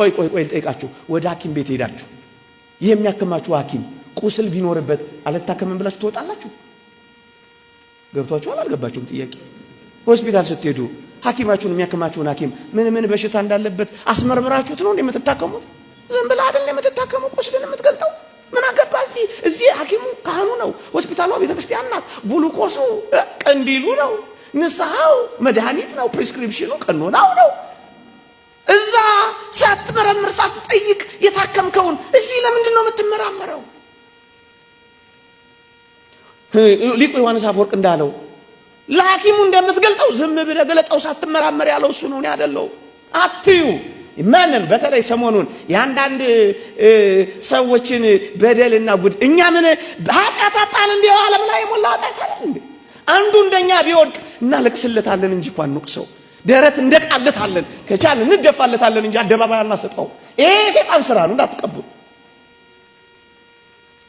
ቆይ ቆይ ቆይ ልጠይቃችሁ። ወደ ሐኪም ቤት ሄዳችሁ ይህ የሚያክማችሁ ሐኪም ቁስል ቢኖርበት አልታከምም ብላችሁ ትወጣላችሁ? ገብቷችኋል? አልገባችሁም? ጥያቄ ሆስፒታል ስትሄዱ ሐኪማችሁን የሚያክማችሁን ሐኪም ምን ምን በሽታ እንዳለበት አስመርምራችሁት ነው የምትታከሙት? ዝም ብላ አይደል የምትታከሙ ቁስልን የምትገልጠው? ምን አገባ እዚህ እዚህ ሐኪሙ ካህኑ ነው፣ ሆስፒታሏ ቤተክርስቲያን ናት፣ ቡሉኮሱ ቀንዲሉ ነው፣ ንስሐው መድኃኒት ነው፣ ፕሪስክሪፕሽኑ ቀኖናው ነው። ሳትመረምር ሳትጠይቅ የታከምከውን እዚህ ለምንድን ነው የምትመራመረው? ሊቁ ዮሐንስ አፈወርቅ እንዳለው ለሐኪሙ እንደምትገልጠው ዝም ብለህ ገለጠው ሳትመራመር ያለው እሱ ነው። ያደለው። አትዩ ማንም በተለይ ሰሞኑን የአንዳንድ ሰዎችን በደልና ጉድ እኛ ምን ኃጢአት አጣን? እንዲ ዓለም ላይ የሞላ ኃጢአት አይደል እንዴ? አንዱ እንደኛ ቢወድቅ እናለቅስለታለን እንጂ እንኳን ሰው ደረት እንደቃለታለን ከቻል እንደፋለታለን እንጂ አደባባይ አናሰጠው። ይሄ የሰይጣን ስራ ነው፣ እንዳትቀበሉ።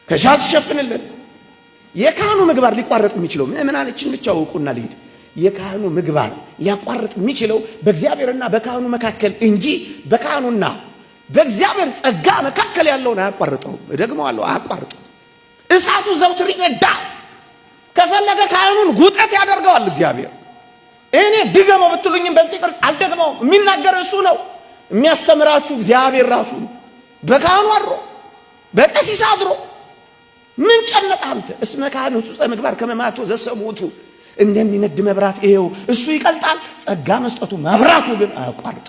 ከቻል ሸፍንልን። የካህኑ ምግባር ሊቋረጥ የሚችለው ምእመናንችን ብቻ እውቁና ልሂድ። የካህኑ ምግባር ሊያቋርጥ የሚችለው በእግዚአብሔርና በካህኑ መካከል እንጂ በካህኑና በእግዚአብሔር ጸጋ መካከል ያለውን አያቋርጠውም። አለው አያቋርጠውም። እሳቱ ዘውትር ይነዳል። ከፈለገ ካህኑን ጉጠት ያደርገዋል እግዚአብሔር እኔ ድገመው ብትሉኝም በዚህ ቅርጽ አልደግመውም። የሚናገር እሱ ነው። የሚያስተምራችሁ እግዚአብሔር ራሱ በካህኑ አድሮ በቀሲስ አድሮ ምን ጨነቀህ አንተ? እስመ ካህን ህጹፀ ምግባር ከመማቶ ዘሰሙቱ እንደሚነድ መብራት ይሄው እሱ ይቀልጣል። ጸጋ መስጠቱ መብራቱ ግን አያቋርጥ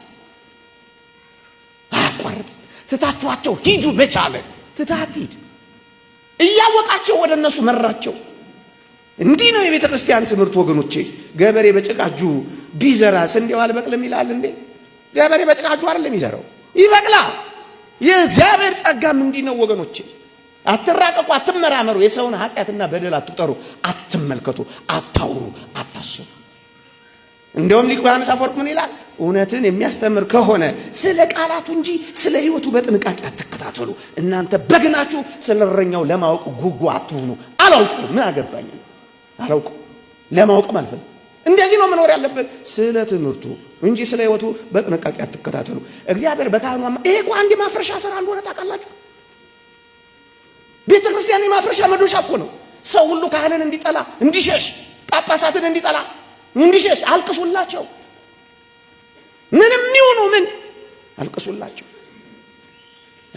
አያቋርጥ። ትታችኋቸው ሂዱ መቻለ ትታት ሂድ እያወቃቸው ወደ እነሱ መራቸው። እንዲህ ነው የቤተ ክርስቲያን ትምህርት ወገኖቼ። ገበሬ በጭቃጁ ቢዘራ ስንዴው አልበቅልም ይላል እንዴ? ገበሬ በጭቃጁ አይደለም ይዘራው፣ ይበቅላል። የእግዚአብሔር ጸጋም እንዲህ ነው ወገኖቼ። አትራቀቁ፣ አትመራመሩ፣ የሰውን ኃጢአትና በደል አትቁጠሩ፣ አትመልከቱ፣ አታውሩ፣ አታስቡ። እንደውም ሊቁ ዮሐንስ አፈወርቅ ምን ይላል? እውነትን የሚያስተምር ከሆነ ስለ ቃላቱ እንጂ ስለ ሕይወቱ በጥንቃቄ አትከታተሉ። እናንተ በግናችሁ ስለ እረኛው ለማወቅ ጉጉ አትሁኑ። አላውቅም ምን አገባኝ አላውቅም፣ ለማወቅም አልፈል እንደዚህ ነው መኖር ያለብን። ስለ ትምህርቱ እንጂ ስለ ህይወቱ በጥንቃቄ አትከታተሉ። እግዚአብሔር በካህኑ ይሄ እኮ አንድ የማፍረሻ ስራ እንደሆነ ታውቃላችሁ። ቤተ ክርስቲያን የማፍረሻ መዶሻ እኮ ነው። ሰው ሁሉ ካህንን እንዲጠላ እንዲሸሽ፣ ጳጳሳትን እንዲጠላ እንዲሸሽ፣ አልቅሱላቸው። ምንም ይሁኑ ምን አልቅሱላቸው፣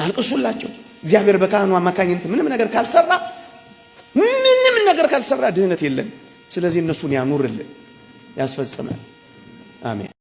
አልቅሱላቸው። እግዚአብሔር በካህኑ አማካኝነት ምንም ነገር ካልሰራ ነገር ካልሰራ ድህነት የለም። ስለዚህ እነሱን ያኑርልን፣ ያስፈጽመን። አሜን።